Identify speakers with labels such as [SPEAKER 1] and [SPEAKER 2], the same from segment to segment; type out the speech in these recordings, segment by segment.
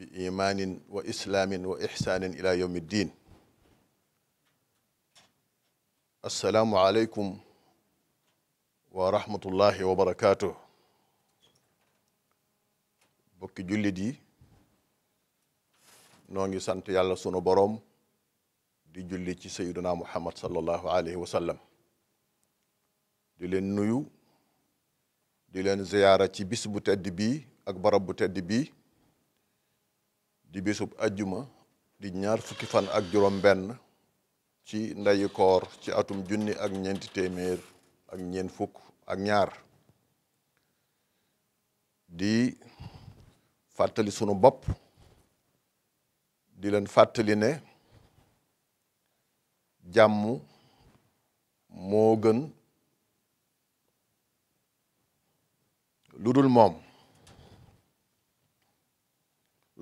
[SPEAKER 1] bi imaanin wa islaamin wa ixsaanin ila yowmi ddin assalaamu aleykum wa wa barakaatu bokki jullit yi noo ngi sant yàlla sunu boroom di julli ci sayyiduna muhammad sallallahu alayhi wa sallam di leen nuyu di leen ziyaara ci bis bu tedd bii ak bu tedd bii di bésub ajjuma di ñaar fukki fan ak juróom benn ci ndayi ci atum junni ak ñeenti téeméer ak ñeent fukk ak ñaar di fàttali sunu bopp di leen fàttali ne jàmm moo gën lu moom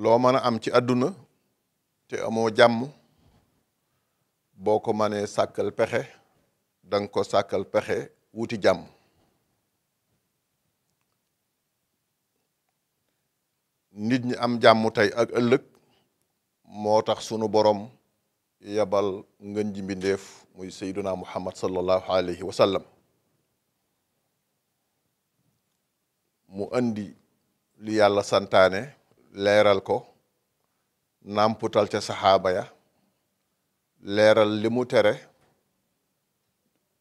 [SPEAKER 1] loo mën a am ci àdduna te amoo jàmm boo ko mënee sàkkal pexe danga ko sàkkal pexe wuti jàmm nit ñi am jàmm tey ak ëllëg moo tax sunu borom yabal ngën ji mbindeef muy sayduna muhammad sallallahu alayhi wa sallam mu andi li yàlla santaane leeral ko nàmputal ca saxaaba ya leeral li mu tere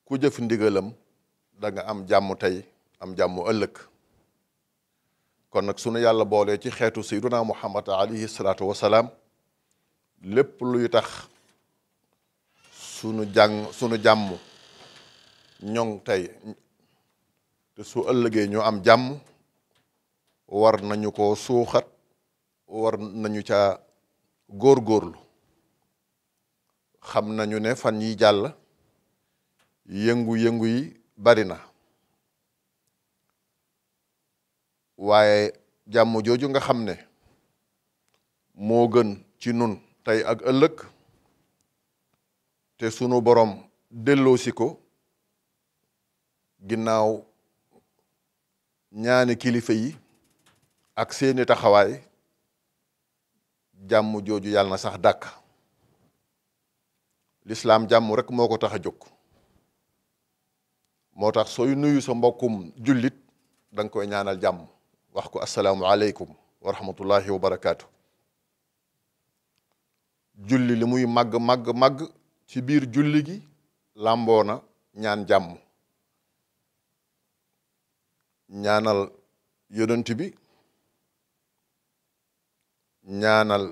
[SPEAKER 1] ku jëf ndigalam da am jàmm tey am jàmm ëllëg kon nag sunu yàlla boolee ci xeetu sayyiduna muhammad alayhi salaatu wasalaam lépp luy tax sunu jàng jàmm ñoŋ tey te su ëllëgee ñu am jàmm war nañu ko suuxat war nañu ca góorgóorlu xam nañu ne fan yi jàll yëngu-yëngu yi bari na waaye jàmm jooju nga xam ne moo gën ci nun tey ak ëllëg te sunu borom delloosi ko ginnaaw ñaani kilifa yi ak seeni taxawaay jàmm jooju yàlla na sax dàkk lislaam jàmm rek moo ko tax a jóg moo tax sooy nuyu sa mbokkum jullit dang nga koy ñaanal jàmm wax ko asalaamu aleykum wa wa barakaatu julli limuy muy màgg màgg màgg ci biir julli gi làmboo na ñaan jàmm ñaanal yonent bi ñaanal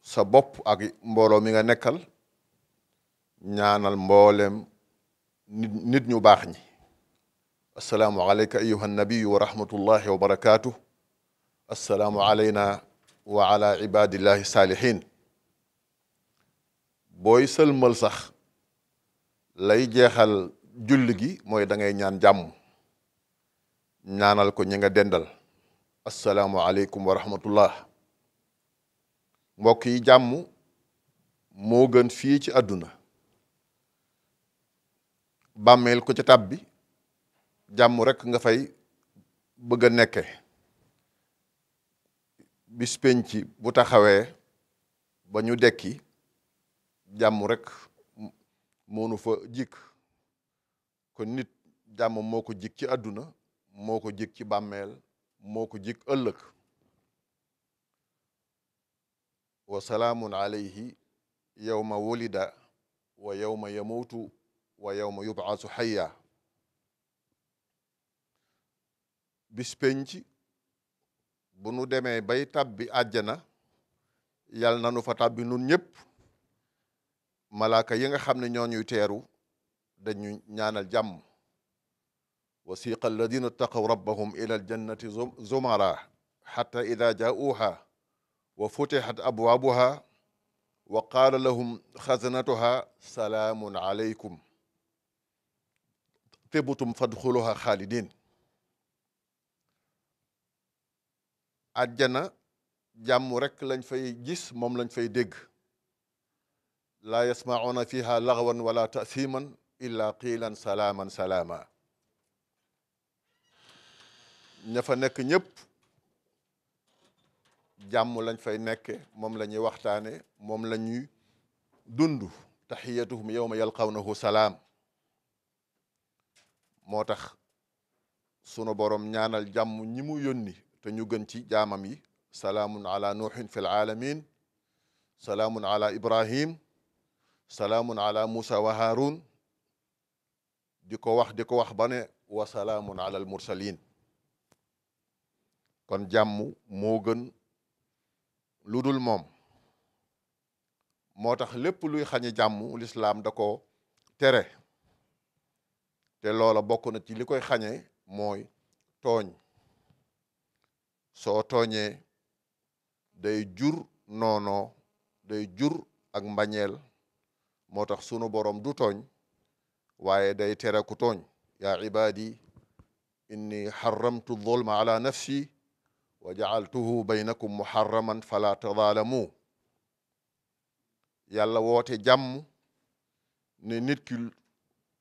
[SPEAKER 1] sa bopp ak mbooloo mi nga nekkal ñaanal mboolem nit ñu baax ñi assalaamu alayka ayuha nabiyu wa rahmatullahi wa barakaatu assalaamu alayna wa ala ibadillahi saalihin booy sëlmal sax lay jeexal julli gi mooy dangay ñaan jàmm ñaanal ko ñi nga dendal assalaamu aleykum wa rahmatullah mbokk yi jàmm moo gën fii ci àdduna bàmmeel ko ca tab bi jàmm rekk nga fay bëgg a nekke bis penc bu taxawee ba ñu dekki jàmm rekk moonu fa jik kon nit jàmm moo ko jik ci àdduna moo ko jik ci bàmmeel moo ko jik ëllëg wa salaamun alayhi yowma wulida wa yowma yamuutu wa yowma yubaasu xayya bis penc bu nu demee bay tàbbi àjjana yal na nu fa tàbbi nun ñëpp malaaka yi nga xam ne ñoo ñuy teeru dañu ñaanal jàmm wasiqa alladina ittaqaw rabbahum ila aljannati zumara xata ida jaauha wa futihat abwaabuha wa qaala lahum xasanatuha salaamun aleykum tibtum fadxuluha xaalidin àjjana jàmm rekk lañ fay gis moom lañ fay dégg laa yasmacuuna fiha laxwan wala taasiman illa qiilan salaaman salaama ña fa nekk ñëpp jàmm lañ fay nekke moom la ñuy waxtaane moom la ñuy dund taxiyatuhum yowma yalqawnahu salaam moo tax sunu borom ñaanal jàmm ñi mu yónni te ñu gën ci jaamam yi salaamun ala nuuhin fi alaalamin salaamun ala ibrahim salaamun ala musa wa haarun di ko wax di ko wax bane ne wa salaamun ala almursalin kon jàmm moo gën lu dul moom moo tax lépp luy xañe jàmm lislaam da ko tere te loola bokk na ci li koy xañe mooy tooñ soo tooñee day jur noonoo day jur ak mbañeel moo tax sunu borom du tooñ waaye day tere ku tooñ yaa ibaadi inni xaramtu zulma ala nafsi wa jacaltuhu baynakum muharraman fala tazaalamu yàlla woote jàmm ne nit ki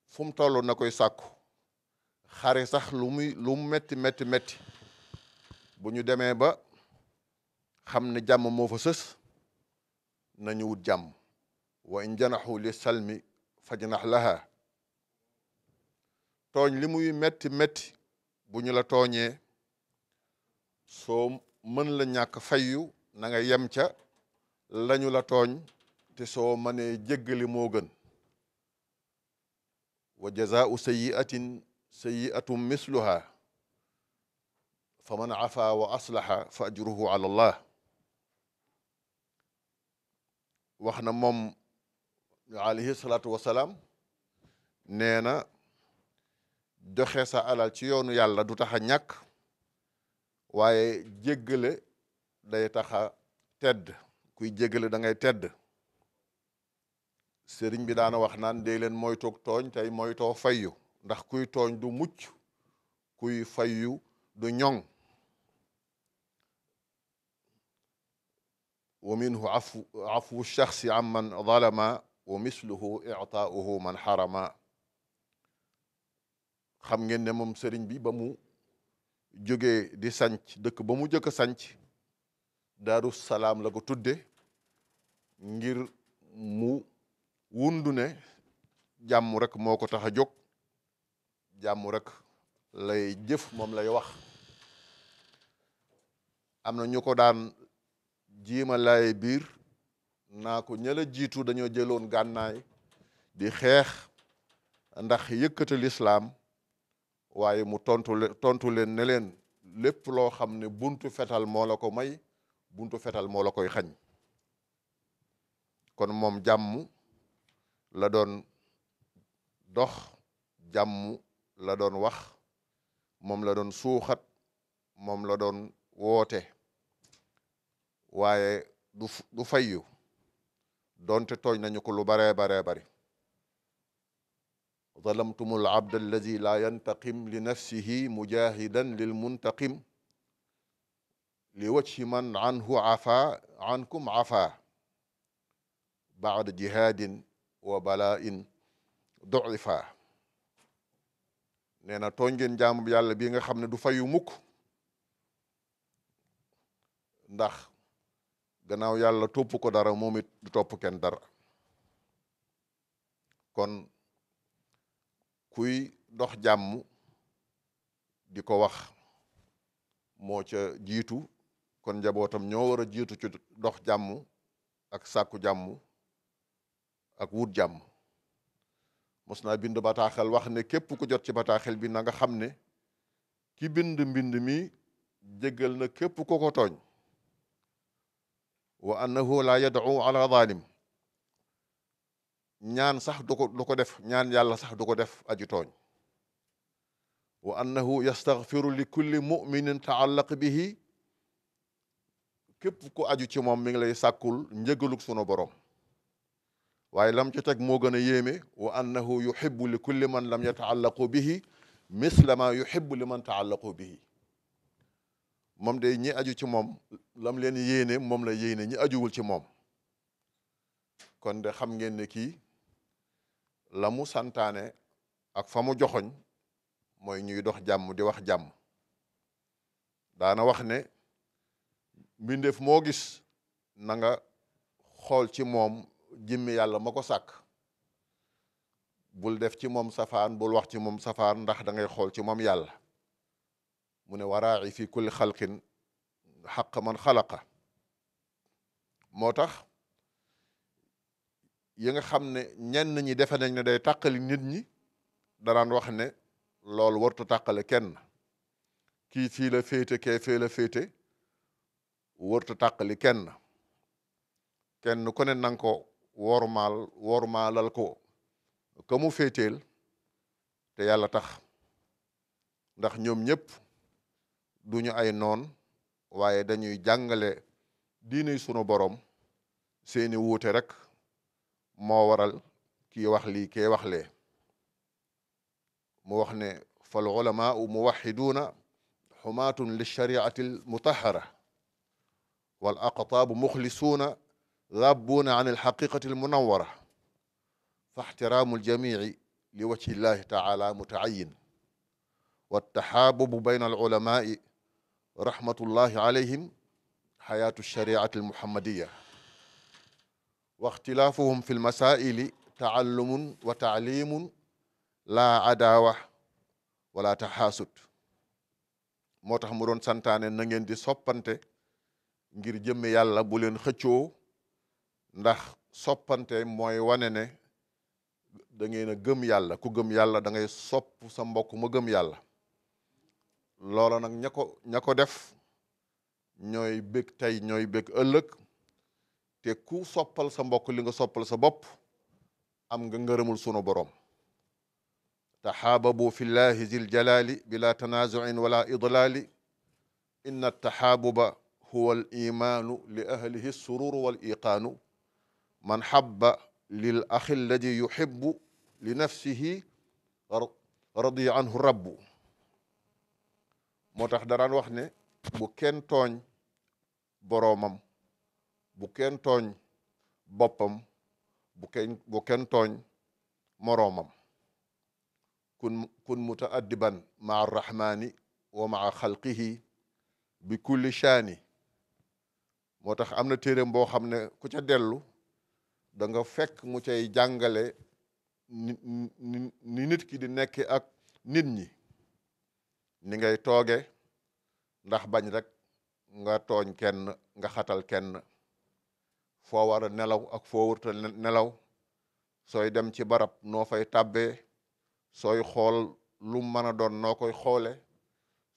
[SPEAKER 1] fum mu toll na koy sàkku xare sax lu muy lu mu métti métti bu ñu demee ba xam ne jàmm moo fa sës nañu wut jàmm wa in janaxu li salmi fajnax laha tooñ li muy metti metti bu ñu la tooñee soo mën la ñàkk fayyu na nga yem ca lañu la tooñ te soo mënee jéggali moo gën wa jazaau sayiatin sayiatum misluha fa man afa wa aslaha fa ajruhu allah wax na moom alayhi salaatu wasalaam nee na joxe sa alal ci yoonu yàlla du tax a ñàkk waaye jéggale day taxa tedd kuy jéggale da tedd sëriñ bi daana wax naan dee leen moytoog tooñ tey moytoo fayyu ndax kuy tooñ du mucc kuy fayyu du ñoŋ wa minhu afu afu shaxsi an man zalama wa misluhu itaauhu man xarama xam ngeen ne moom sëriñ bi ba mu jógee di sanc dëkk ba mu jëkk a sanc daaru salaam la ko tudde ngir mu wundu ne jàmm rek moo ko tax a jóg jàmm rek lay jëf moom lay wax am na ñu ko daan jiima biir naa ko ñëla jiitu dañoo jëloon gànnaay di xeex ndax yëkkati lislaam waaye mu tontu le tontu leen ne leen lépp loo xam ne buntu fetal moo la ko may buntu fetal moo la koy xañ kon moom jàmm la doon dox jàmm la doon wax moom la doon suuxat moom la doon woote waaye du fayyu donte tooñ nañu ko lu baree baree bari zalamtumu alabda alladi laa yantaqim li nafsihi mujahidan lilmuntaqim li wajhi man anhu afa ankum afa baada jihaadin wa bala'in dorifa nee na tooñ ngeen jaamu yàlla bii nga xam ne du fayu mukk ndax gannaaw yàlla topp ko dara moom it du topp kenn dara kon kuy dox jàmm di ko wax moo ca jiitu kon njabootam ñoo war a jiitu ci dox jàmm ak sàkku jàmm ak wut jàmm mos naa bind bataaxel wax ne képp ku jot ci bataaxel bi na nga xam ne ki bind mbind mi jéggal na képp ku ko tooñ wa annahu la yad'u ala zalim ñaan sax du ko ko def ñaan yàlla sax du ko def aju tooñ wa annahu yastaghfiru li kulli muminin taallaq bihi képp ku aju ci moom mi ngi lay sàkkul njëgalug sunu borom waaye lam ci teg moo gën a yéeme wa annahu yuhibbu li kulli man lam yataallaqu bihi misla ma yuhibbu li man taallaqu bihi moom day ñi aju ci moom yéene moom la yéene ñi ajuwul ci moom kon de xam ngeen ne kii lamu santaane ak fa mu joxoñ mooy ñuy dox jàmm di wax jàmm daana wax ne mbindeef moo gis nanga xool ci moom jëmmi yàlla ma ko sàkk bul def ci moom safaan bul wax ci moom safaan ndax da xool ci moom yàlla mu ne waraaci fi kulli xalqin xaq man xalaqa moo tax yi nga xam ne ñenn ñi defe nañ ne day tàqali nit ñi danaan wax ne loolu wartu tàqale kenn kii fii la féete kee fee la féete wartu tàqali kenn kenn ku ne ko wormaal ko ka mu féeteel te yàlla tax ndax ñoom ñëpp duñu ay noon waaye dañuy jàngale diine sunu borom seeni wuute rek moo waral kii wax lii kee wax lee mu wax ne fal ulamaau muwaxiduuna xumaatun lilshariati almutahara wal aqtaabu muxlisuuna rabbuuna an alxaqiqati almunawara fa ixtiraamu aljamici li wajhi illahi taala mutaayin waltaxaabubu bayn alulamaai rahmatullahi alayhim xayaatu alshariati almuhammadiya wa ixtilaafuhum fi lmasaili taallumun wa taalimun laa adaawa wala taxaasud moo tax mu doon santaane na ngeen di soppante ngir jëmme yàlla bu leen xëccoo ndax soppante mooy wane ne da ngeen a gëm yàlla ku gëm yàlla da ngay sopp sa mbokk ma gëm yàlla loola nag ko ña ko def ñooy bég tey ñooy bég ëllëg te ku soppal sa mbokk li nga soppal sa bopp am nga ngërëmul sunu borom taxaababu fi llahi zil jalali bila tanazuin wala idlali inna taxaabuba huwa al imanu li ahlihi sururu man habba lil axi alladi yuhibbu li nafsihi radiya moo tax daraan wax ne bu kenn tooñ boroomam bu kenn boppam bu kenn bu kenn tooñ moroomam kun kun mutaaddiban maa arrahmani wa maa bi kulli shaani moo tax am na téeréem boo xam ne ku ca dellu da nga fekk mu cay jàngale ni nit ki di nekk ak nit ñi ni ngay tooge ndax bañ rek nga tooñ kenn nga xatal kenn foo war nelaw ak foo warta nelaw sooy dem ci barab noo fay tàbbee sooy xool lu mën a doon noo koy xoole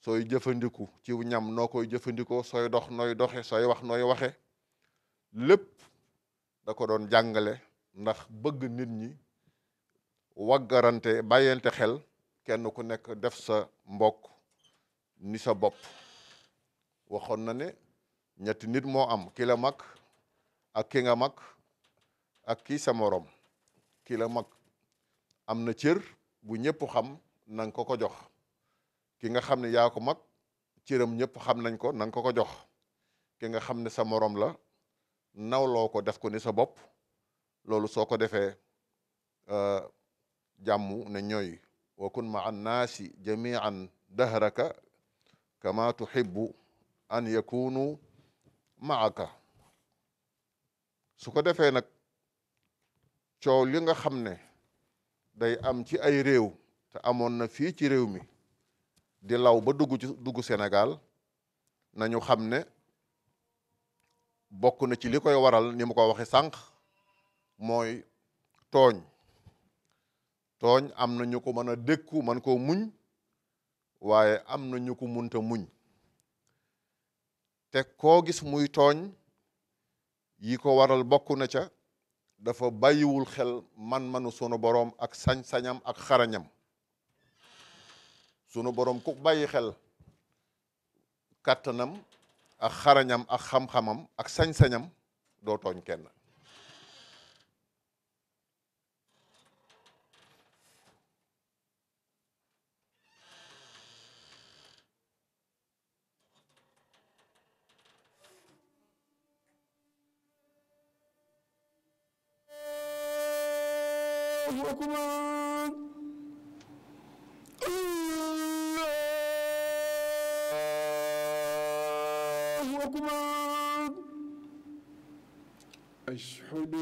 [SPEAKER 1] sooy jëfandiku ci ñam noo koy jëfandikoo sooy dox nooy doxe sooy wax nooy waxe lépp da ko doon jàngale ndax bëgg nit ñi waggarante bàyyante xel kenn ku nekk def sa mbokk ni sa bopp waxoon na ne ñetti nit moo am ki la mag ak ki nga mag ak kii sa morom kii mag am na cir bu ñëpp xam na nga ko ko jox ki nga xam ne yaa ko mag cëram ñëpp xam nañ ko na koko jox ki nga xam ne sa morom la nawloo ko def ko ni sa bopp loolu soo ko defee euh, jàmm ne ñooy wa kun ma an naasi jamian dahraka kama tuhibbu an yakunu maaka su ko defee nag coow li nga xam ne day am ci ay réew te amoon na fii ci réew mi di law ba dugg ci dugg Sénégal nañu xam ne bokk na ci li koy waral ni ma ko waxe sànq mooy tooñ tooñ am na ñu ko mën a dékku man ko muñ waaye am na ñu ko munta muñ te koo gis muy tooñ yi ko waral bokk na ca dafa bàyyiwul xel man-manu sunu boroom ak sañ-sañam ak xarañam sunu borom ku bàyyi xel kàttanam ak xarañam ak xam-xamam ak sañ-sañam doo tooñ kenn
[SPEAKER 2] أشهد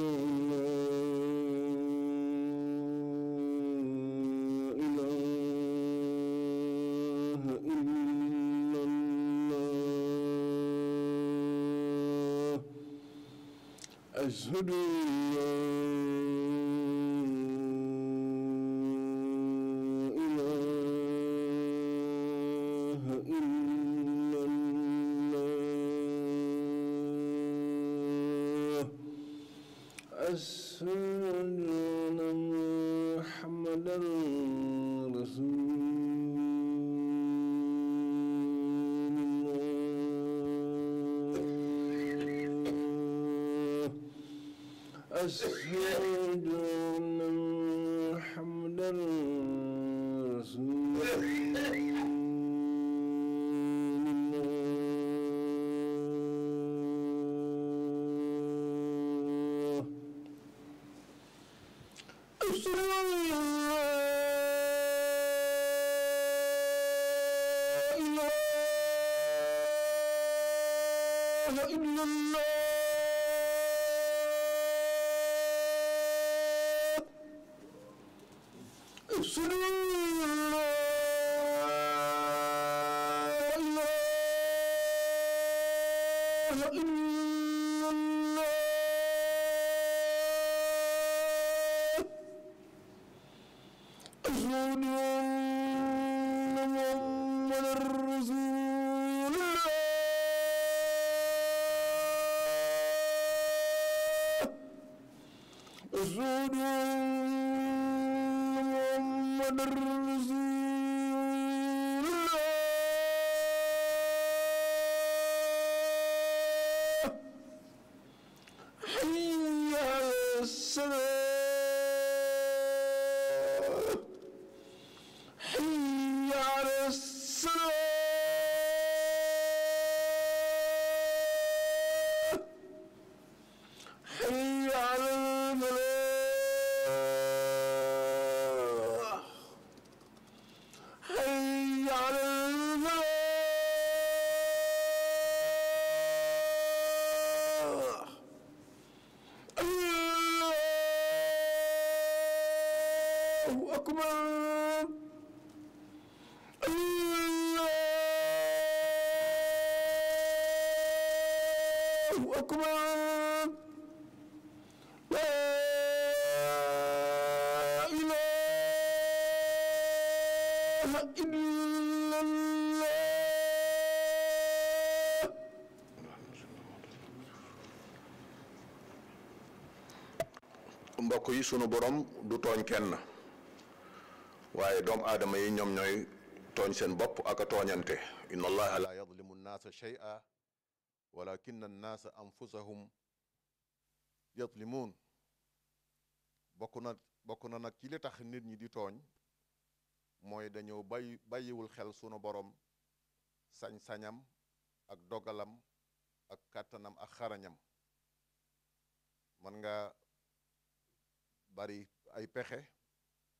[SPEAKER 2] أشهد أن محمدا رسول الله إلا
[SPEAKER 3] الله أكبر الله أكبر لا إله إلا الله
[SPEAKER 1] mbokk yi sunu borom du tooñ kenn waaye doomu aadama yi ñoom ñooy tooñ seen bopp ak a tooñante inna allaha laa yadlimu nnaasa shay'a walakin annaasa anfusahum yadlimuun bokk na bokk na nag ci li tax nit ñi di tooñ mooy dañoo bàyyi bàyyiwul xel sunu borom sañ-sañam ak dogalam ak kàttanam ak xarañam man nga bari ay pexe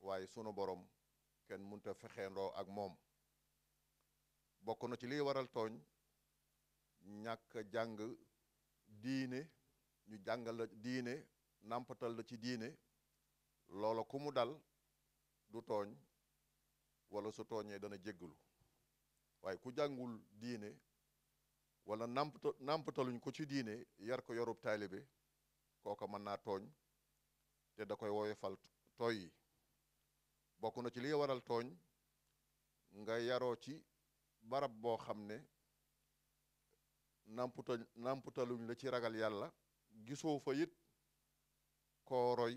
[SPEAKER 1] waaye sunu borom kenn mënut a fexeendoo ak moom bokk na ci li waral tooñ ñàkk jàng diine ñu jàngal diine nàmpatal la ci diine loola ku mu dal du tooñ wala su tooñee dana jéggalu waaye ku jàngul diine wala nàmpta nàmpataluñ ko ci diine yar ko yorub taalibe kooka mën naa tooñ te da koy woyofal tooy yi bokk na ci liy waral tooñ nga yaroo ci barab boo xam ne namputa namputaluñ la ci ragal yàlla gisoo fa it koo roy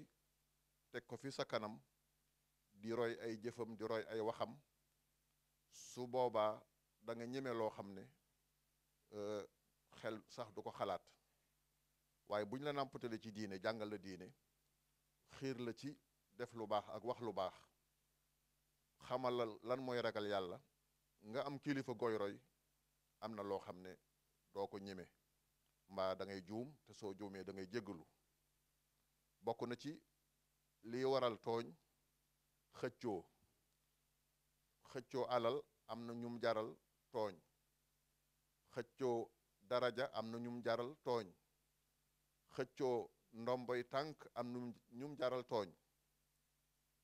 [SPEAKER 1] teg ko fi sa kanam di roy ay jëfam di roy ay waxam su boobaa danga ñeme loo xam ne euh, xel sax du ko xalaat waaye bu ñu la namputale ci diine jàngal la diine xiir la ci def lu baax ak wax lu baax xamal lan mooy ragal yàlla nga am kilifa goyroy am na loo xam ne doo ko ñeme mbaa dangay juum te soo juumee da ngay jéggalu bokk na ci li waral tooñ xëccoo xëccoo alal am na ñum jaral tooñ xëccoo daraja am na ñum jaral tooñ xëccoo ndomboy tànk am na ñum jaral tooñ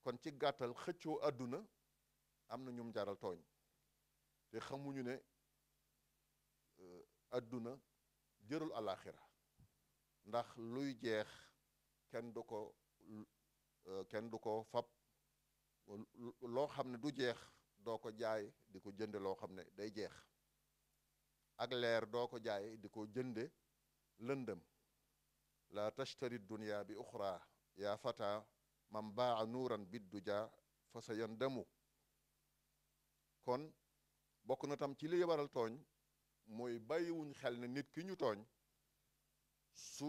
[SPEAKER 1] kon ci gàttal xëccoo àdduna am na ñum jaral tooñ te xamuñu ne euh, adduna jërul alaxira ndax luy jeex kenn du ko euh, kenn du ko fab loo xam ne du jeex doo ko jaay di ko jënde loo xam ne day jeex ak leer doo ko jaay di ko jënde lëndëm la tashtari dunya bi uxra yaa fata man baa nuuran bidduja fa sa yandamu kon bokk na tam ci li waral tooñ mooy bàyyiwuñ xel ne nit ki ñu tooñ su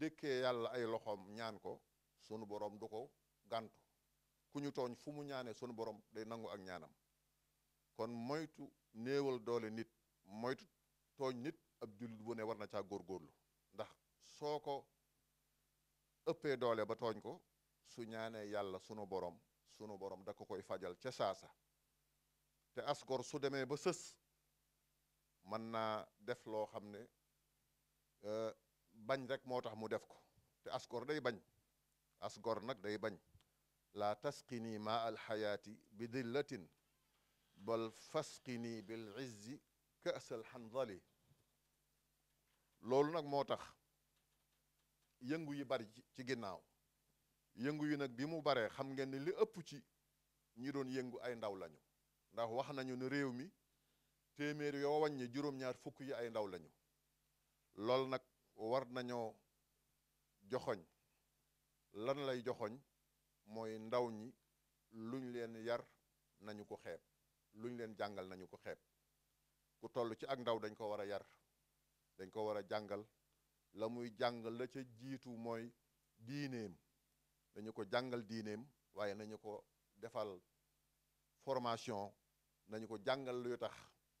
[SPEAKER 1] dëkkee yàlla ay loxoom ñaan ko sunu borom du ko gàntu ku ñu tooñ fu mu ñaanee sunu borom day nangu ak ñaanam kon moytu néewal doole nit moytu tooñ nit ab jullit bu ne war na caa góorgóorlu ndax soo ko ëppee doole ba tooñ ko su ñaanee yàlla sunu borom sunu borom da koy fajal ca saasa te asgor su demee ba sës mën naa def loo xam ne euh, bañ rek moo tax mu def ko te asgor day bañ asgor nag day bañ la tasqini ma alxayaati bi dillatin bal fasqini bil izzi kaasal xandali loolu nag moo tax yëngu yi bari ci ginnaaw yëngu yi nag bi mu baree xam ngeen ni li ëpp ci ñi doon yëngu ay ndaw lañu ndax wax nañu ne réew mi téeméer yoo wàññi juróom-ñaar fukk yi ay ndaw lañu loolu nag war nañoo joxoñ lan lay joxoñ mooy ndaw ñi luñ leen yar nañu ko xeeb luñ leen jàngal nañu ko xeeb ku toll ci ak ndaw dañ ko war a yar dañ ko war a jàngal la muy jàngal la ca jiitu mooy diineem dañu ko jàngal diineem waaye nañu ko defal formation nañu ko jàngal luy tax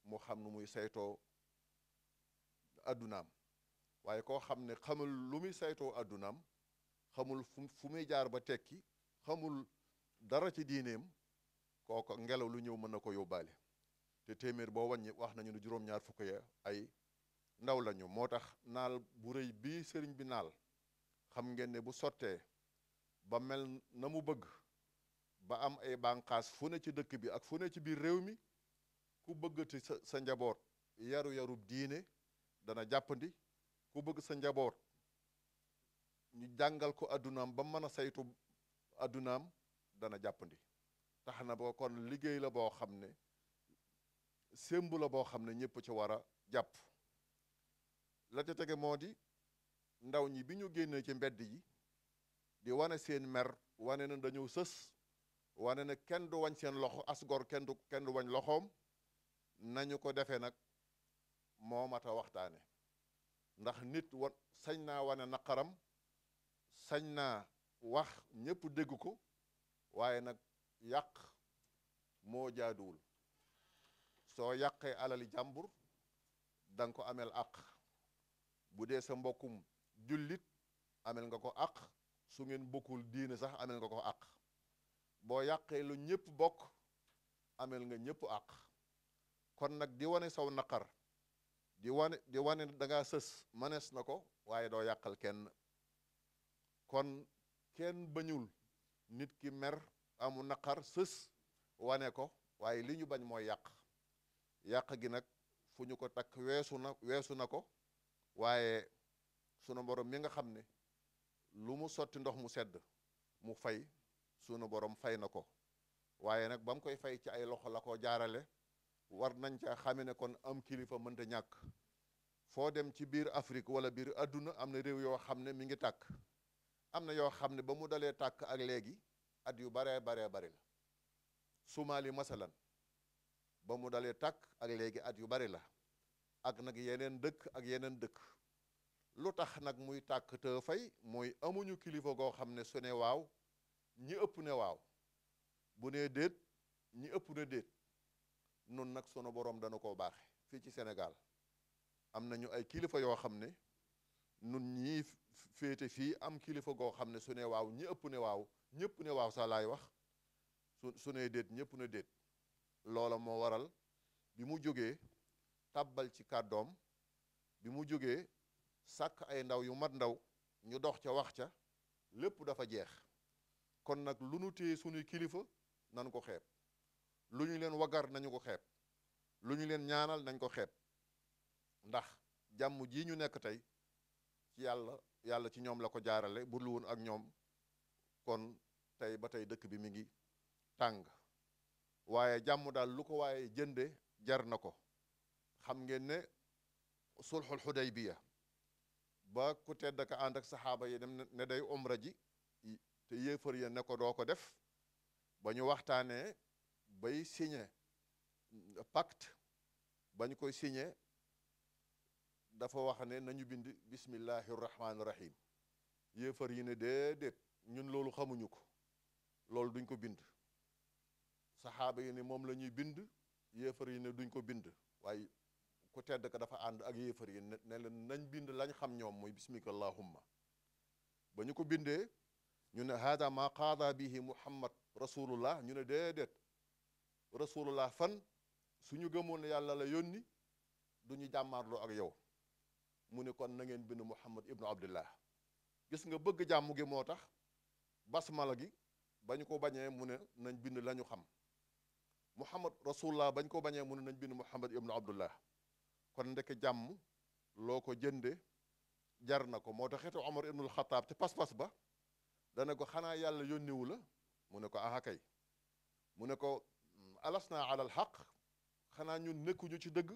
[SPEAKER 1] mu xam nu muy saytoo addunaam waaye koo xam ne xamul lu muy saytoo addunaam xamul fu muy jaar ba tekki xamul dara ci diineem kooko ngelaw lu ñëw mën na ko yóbbaale te téeméer boo wàññi wax nañu ne juróom-ñaar fukk ya ay ndaw lañu moo tax naal bu rëy bii sëriñ bi naal xam ngeen ne bu sottee ba mel na mu bëgg ba am ay bànqaas fu ne ci dëkk bi ak fu ne ci biir réew mi ku bëgg sa sa njaboot yaru yarub diine dana jàppandi ku bëgg sa njaboot ñu jàngal ko addunaam ba mën a saytu addunaam dana jàppandi tax na ba kon liggéey la boo xam ne sémb la boo xam ne ñëpp ci war a jàpp la ca tege moo ndaw ñi bi ñu génnee ci mbedd yi di wane seen mer wane na dañoo sës wane ne kenn du wañ seen loxo asgor kenn du kenn du wañ loxoom nañu ko defee nag moo mat waxtaane ndax nit wa sañ naa wane naqaram sañ naa wax ñëpp dégg ko waaye nag yàq moo jaaduwul soo yàqee alali jàmbur da ko amel àq bu dee sa mbokkum jullit amel nga ko àq su ngeen bokkul diine sax amel nga ko àq boo yàqee lu ñëpp bokk ameel nga ñëpp àq kon nag di wane saw naqar di wane di wane da sës manees na ko waaye doo yàqal kenn kon kenn bañul nit ki mer amu naqar sës wane ko waaye li ñu bañ mooy yàq yàq gi nag fu ñu ko takk weesu na weesu na ko waaye sunu borom mi nga xam ne lu mu sotti ndox mu sedd mu fay sunu borom fay na ko waaye nag ba koy fay ci ay loxo la ko jaarale war nañ ca xame ne kon am kilifa mënta ñàkk foo dem ci biir Afrique wala biir àdduna am na réew yoo xam ne mi ngi tàkk am na yoo xam ne ba mu dalee tàkk ak léegi at yu baree baree bari la Somalie masalan ba mu dalee tàkk ak léegi at yu bari la ak nag yeneen dëkk ak yeneen dëkk lu tax nag muy tàkk te fay mooy amuñu kilifa goo xam ne su waaw ñi ëpp ne waaw bu nee déet ñi ëpp ne déet noonu nag sunu boroom dana koo baaxe fii ci Sénégal am nañu ay kilifa yoo xam ne nun ñii féete fii am kilifa goo xam ne su waaw ñi ëpp ne waaw ñëpp ne waaw sa laay wax su su ne déet ñëpp ne déet loola moo waral bi mu jógee tàbbal ci kàddoom bi mu jógee sàkk ay ndaw yu mat ndaw ñu dox ca wax ca lépp dafa jeex kon nag lu nu téye suñuy kilifa nañu ko xeeb lu ñu leen wagar nañu ko xeeb lu ñu leen ñaanal nañ ko xeeb ndax jàmm ji ñu nekk tey yàlla yàlla ci ñoom la ko jaarale bu dul woon ak ñoom kon tey ba tey dëkk bi mi ngi tàng waaye jàmm daal lu ko waaye jënde jar na ko xam ngeen ne sulxul xudaybiya ba ku tedd ka ànd ak saxaaba yi dem ne day omra ji te yéefar ya ne ko doo ko def ba ñu waxtaanee bay signé pacte bañ koy signé dafa wax ne nañu bind bismillahi rahmaani rahim yéefar yi ne déedéet ñun loolu xamuñu ko loolu duñ ko bind saxaaba yi ne moom la ñuy bind yéefar yi ne duñ ko bind waaye ku tedd ka dafa ànd ak yéefar yi ne nañ bind lañ xam ñoom mooy bismika allahumma ba ñu ko bindee ñu ne hada ma qaada bihi muhammad rasulullah ñu ne déedéet rasulullah fan su ñu gëmoon yàlla la yónni du ñu jàmmaarloo ak yow mu ne kon na ngeen bind muhammad ibnu abdillah gis nga bëgg jàmm gi moo tax bas mala gi bañ ñu ko bañee mu ne nañ bind la ñu xam muhammad rasulullah bañ ko bañee mu ne nañ bind muhammad ibnu abdullah kon ndeke jàmm loo ko jënde jar na ko moo tax xetu omar ibnul xataab ci pas-pas ba dana ko xanaa yàlla yónniwu la mu ne ko aha mu ne ko mm, alas naa alal xaq xanaa ñun nekkuñu ci dëgg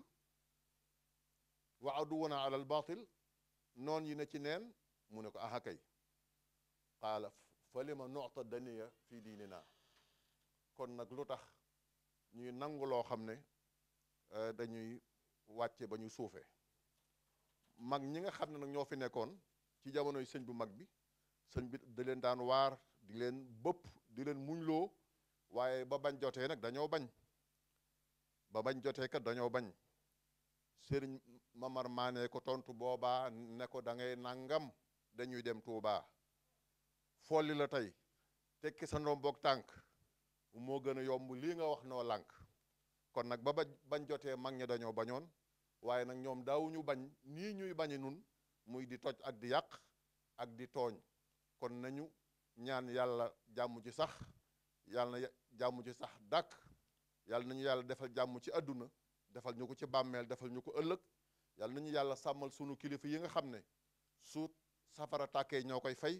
[SPEAKER 1] wa aduwana alal baatil noon yi ne ci neen mu ne ko aha kay qaala fa lima nuta daniya fii diininaa kon nag lu tax ñuy nangu loo xam ne eh, dañuy wàcce ba ñu suufee mag ñi nga xam ne nag ñoo fi nekkoon ci jamonoy sëñ bu mag bi sëñ bi da leen daan waar di leen bëpp di leen loo waaye ba bañ jotee nag dañoo bañ ba bañ jotee kat dañoo bañ sëriñ Mamar Maane ko tontu boobaa ne ko da ngay dañuy dem Tuubaa folli la tey tekki sa ndomboog tànk moo gën a yomb lii nga wax noo lànk kon nag ba bañ jotee mag ña dañoo bañoon waaye nag ñoom daawuñu bañ nii ñuy bañi nun muy di toj ak di yàq ak di tooñ kon nañu ñaan yàlla jàmm ci sax yàlla jàmm ci sax dàkk yàlla nañu yàlla defal jàmm ci àdduna defal ñu ko ci bàmmeel defal ñu ko ëllëg yàlla nañu yàlla sàmmal sunu kilifa yi nga xam ne su safara tàkkee ñoo koy fay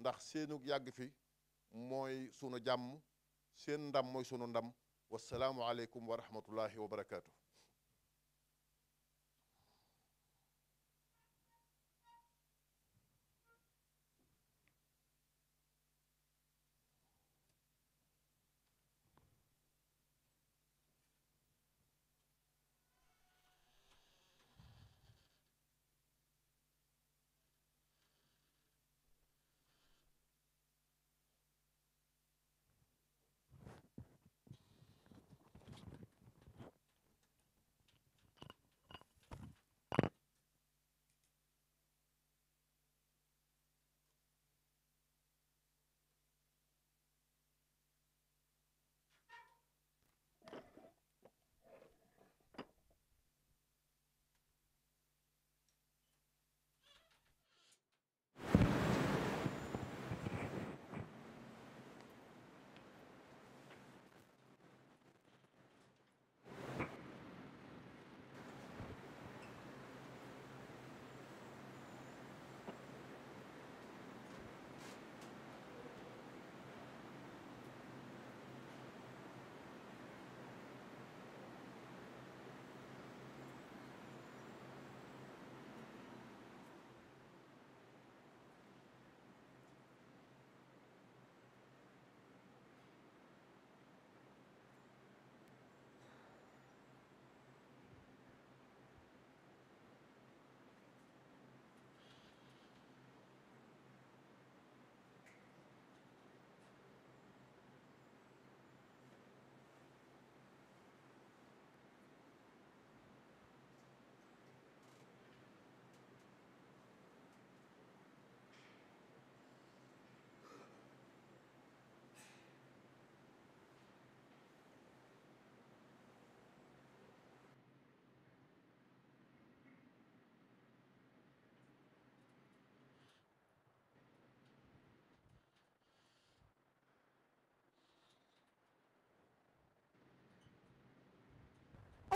[SPEAKER 1] ndax seenu yàgg fi mooy sunu jàmm seen ndam mooy sunu ndam wasalaamualeykum wa rahmatullahi wa barakaatu.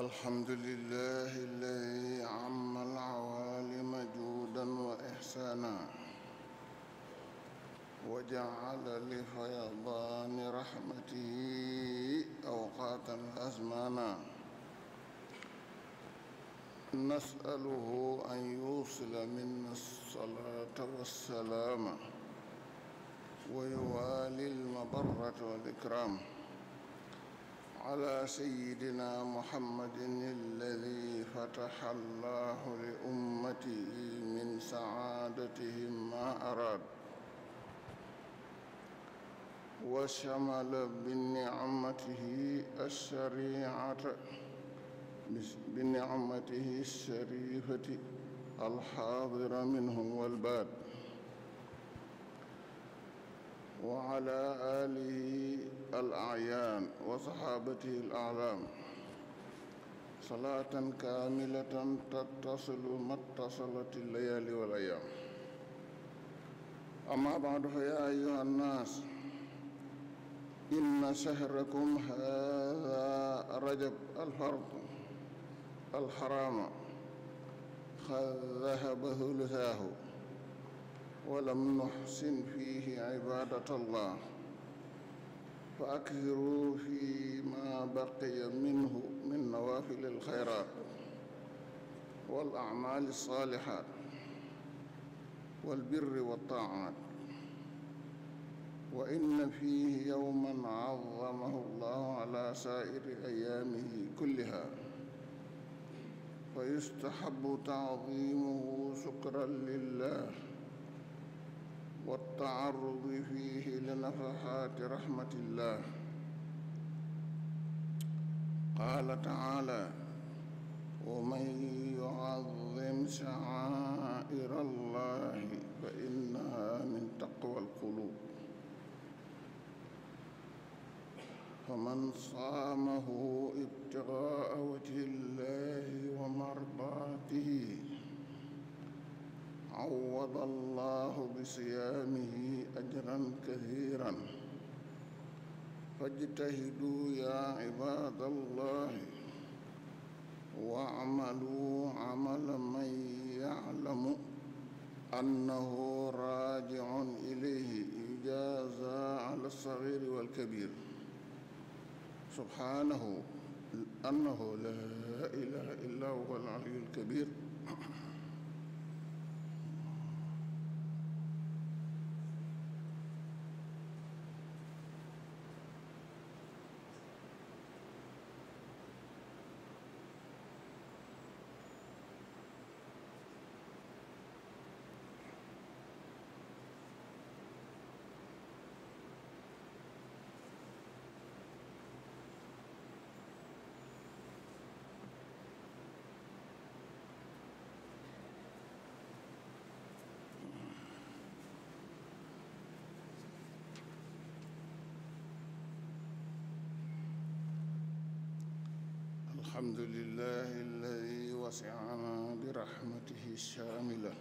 [SPEAKER 2] الحمد لله الذي عم العوالم جودا وإحسانا وجعل لفيضان رحمته أوقاتا أزمانا نسأله أن يوصل منا الصلاة والسلام ويوالي المبرة والإكرام على سيدنا محمد الذي فتح الله لأمته من سعادتهم ما أراد وشمل بنعمته الشريعة بنعمته الشريفة الحاضر منه والباد وعلى آله الأعيان وصحابته الأعلام صلاة كاملة تتصل ما اتصلت الليالي والأيام أما بعد فيا أيها الناس إن شهركم هذا رجب الفرض الحرام قد ذهب ثلثاه ولم نحسن فيه عبادة الله فأكثروا فيما بقي منه من نوافل الخيرات والأعمال الصالحات والبر والطاعات وإن فيه يوما عظمه الله على سائر أيامه كلها فيستحب تعظيمه شكرا لله والتعرض فيه لنفحات رحمة الله قال تعالى ومن يعظم شعائر الله فإنها من تقوى القلوب فمن صامه ابتغاء وجه الله عوض الله بصيامه أجرا كثيرا فاجتهدوا يا عباد الله واعملوا عمل من يعلم أنه راجع إليه يجازى على الصغير والكبير سبحانه أنه لا إله إلا هو العلي الكبير الحمد لله الذي وسعنا برحمته الشاملة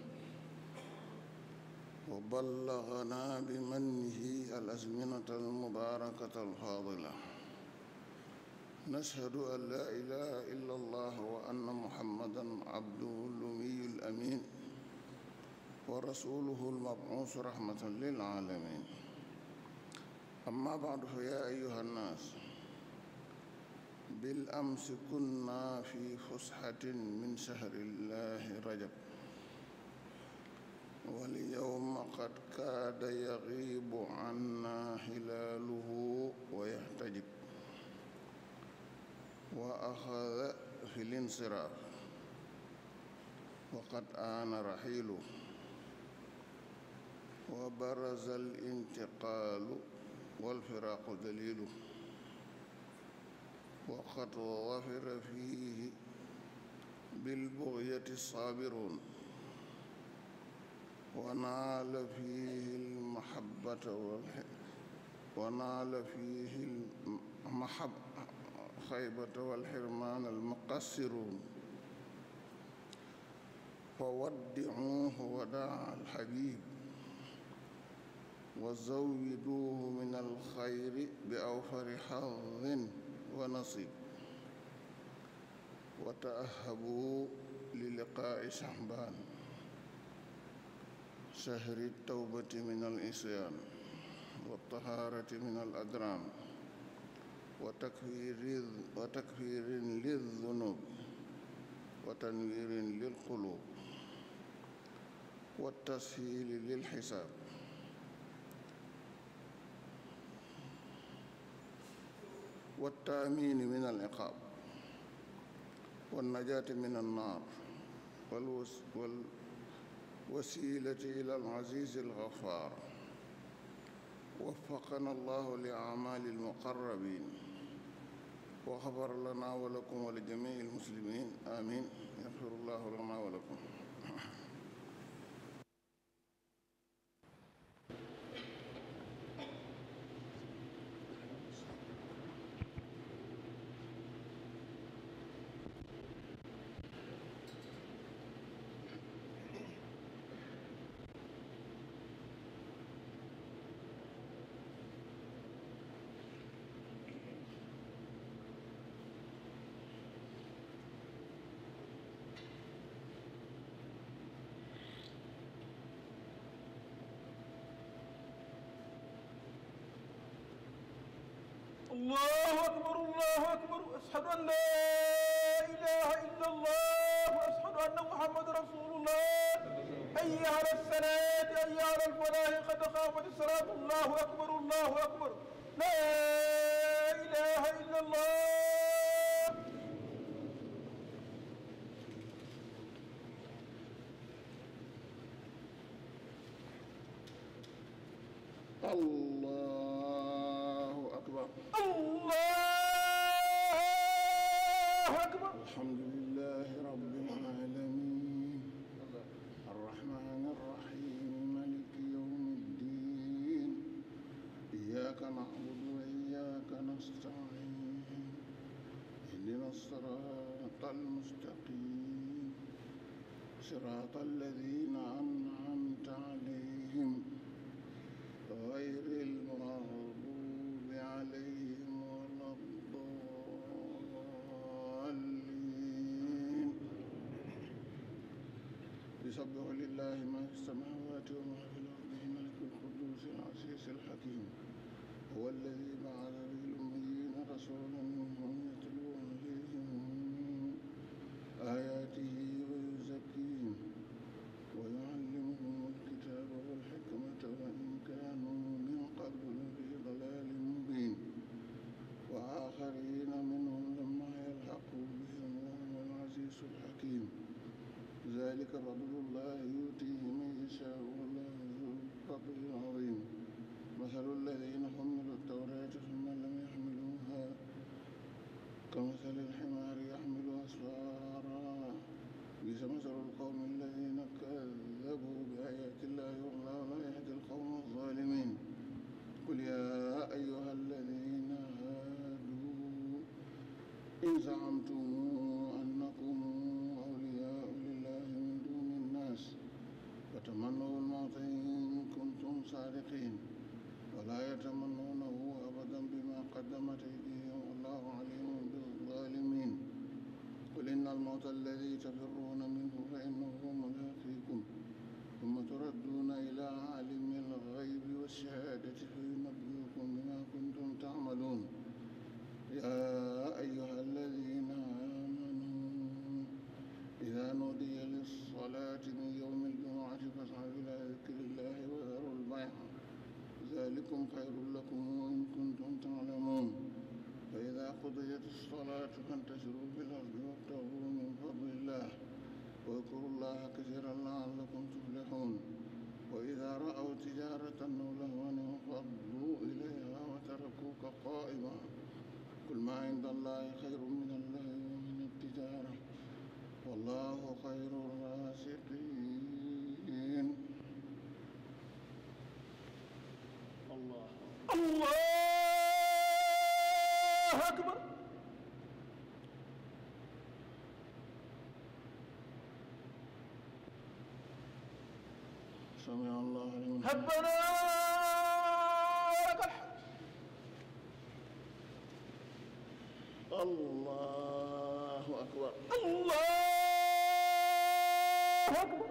[SPEAKER 2] وبلغنا بمنه الأزمنة المباركة الفاضلة نشهد أن لا إله إلا الله وأن محمدا عبده الأمي الأمين ورسوله المبعوث رحمة للعالمين أما بعد فيا أيها الناس بالأمس كنا في فسحة من شهر الله رجب واليوم قد كاد يغيب عنا هلاله ويحتجب وأخذ في الانصراف وقد آن رحيله وبرز الانتقال والفراق دليله وقد ظفر فيه بالبغية الصابرون ونال فيه المحبة والحب ونال فيه المحب خيبة والحرمان المقصرون فودعوه وداع الحبيب وزودوه من الخير بأوفر حظٍ ونصيب وتأهبوا للقاء شعبان شهر التوبة من الإسيان والطهارة من الأدران وتكفير, وتكفير للذنوب وتنوير للقلوب والتسهيل للحساب والتأمين من العقاب والنجاة من النار والوس والوسيلة إلى العزيز الغفار وفقنا الله لأعمال المقربين وغفر لنا ولكم ولجميع المسلمين آمين يغفر الله لنا ولكم أشهد
[SPEAKER 1] أن لا إله إلا الله وأشهد أن محمد رسول الله أي على الصلاة أي على الفلاح قد قامت الصلاة الله أكبر الله أكبر لا إله إلا الله
[SPEAKER 2] الله صراط الذين أنعمت عليهم غير المغضوب عليهم ولا الضالين يسبح لله ما في السماوات وما في الأرض الملك القدوس العزيز الحكيم هو الذي بعث به الأميين رسولا منهم يتلو عليهم آياته نودي للصلاة من يوم الجمعة فاسعوا إلى ذكر الله وذروا البيع ذلكم خير لكم إن كنتم تعلمون فإذا قضيت الصلاة فانتشروا في الأرض وابتغوا من فضل الله واذكروا الله كثيرا لعلكم تفلحون وإذا رأوا تجارة أو لهوا انفضوا إليها وتركوك قائما قل ما عند الله خير من الله ومن التجارة والله خير الرازقين الله الله أكبر سمع الله لمن ربنا لك الحمد الله أكبر الله الله أكبر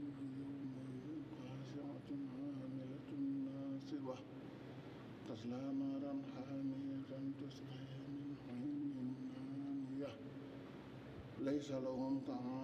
[SPEAKER 2] تصلى نارا حامية تسقى من عين آنية ليس لهم طعام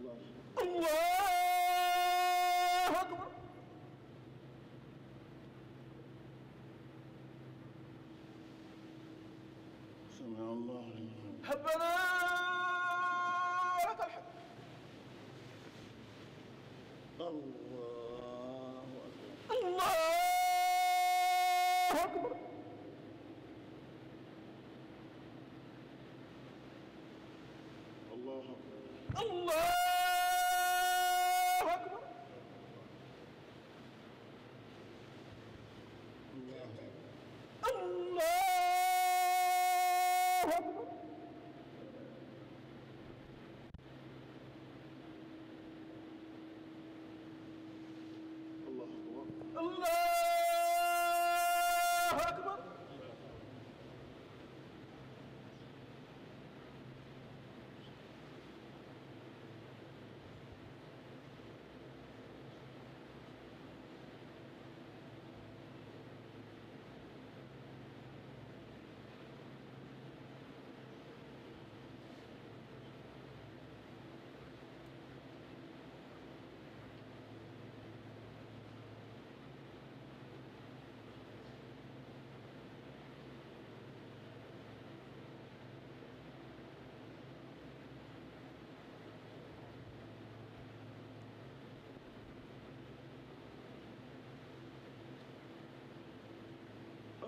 [SPEAKER 2] allahu akbar sami allah rabbana
[SPEAKER 1] laka alhamd
[SPEAKER 2] allahu akbar allahu akbar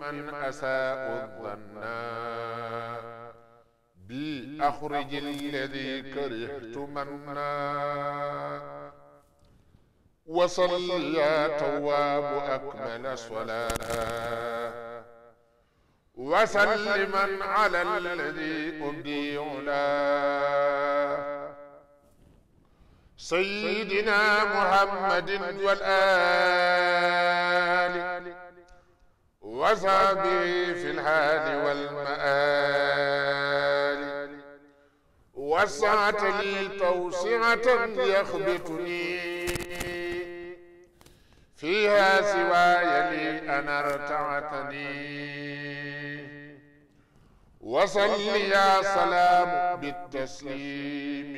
[SPEAKER 3] من أساء الظنا بي أخرج الذي كرهت منا وصل يا تواب أكمل صلاة وسلما على الذي أبدي لا سيدنا محمد والآل وصحبه في الحال والمآل وسعة لي توسعة يخبطني فيها سواي لي أنا ارتعتني وصل يا سلام بالتسليم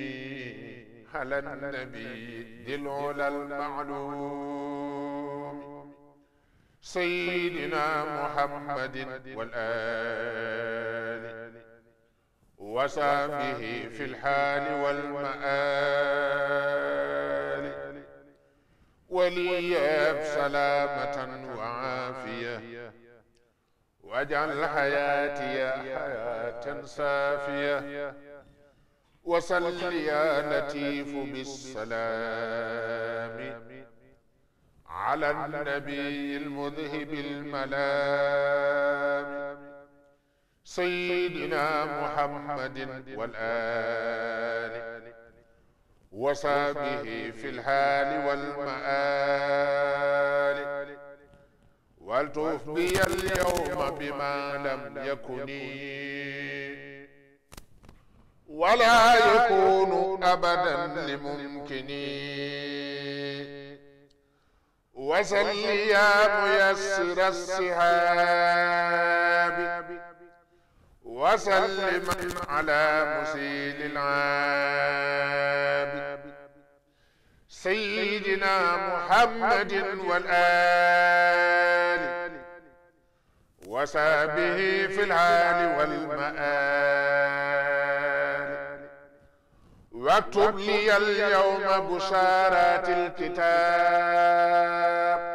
[SPEAKER 3] على النبي ذي العلا المعلوم sayyidina muhammadin wal aali wa sahbihi fil haali wal maali waliyab salaamatan wa aafiya waj'al hayaatiya hayaatan saafiya wa salli yaa latiifu bis salaami على النبي المذهب الملام سيدنا محمد والآل وصحبه في الحال والمآل والتف بي اليوم بما لم يكني ولا يكون أبدا لممكني وسل يا ميسر السحاب وسلم على مسيل العاب سيدنا محمد والآل وسابه في الحال والمآل واكتب لي اليوم بشارات الكتاب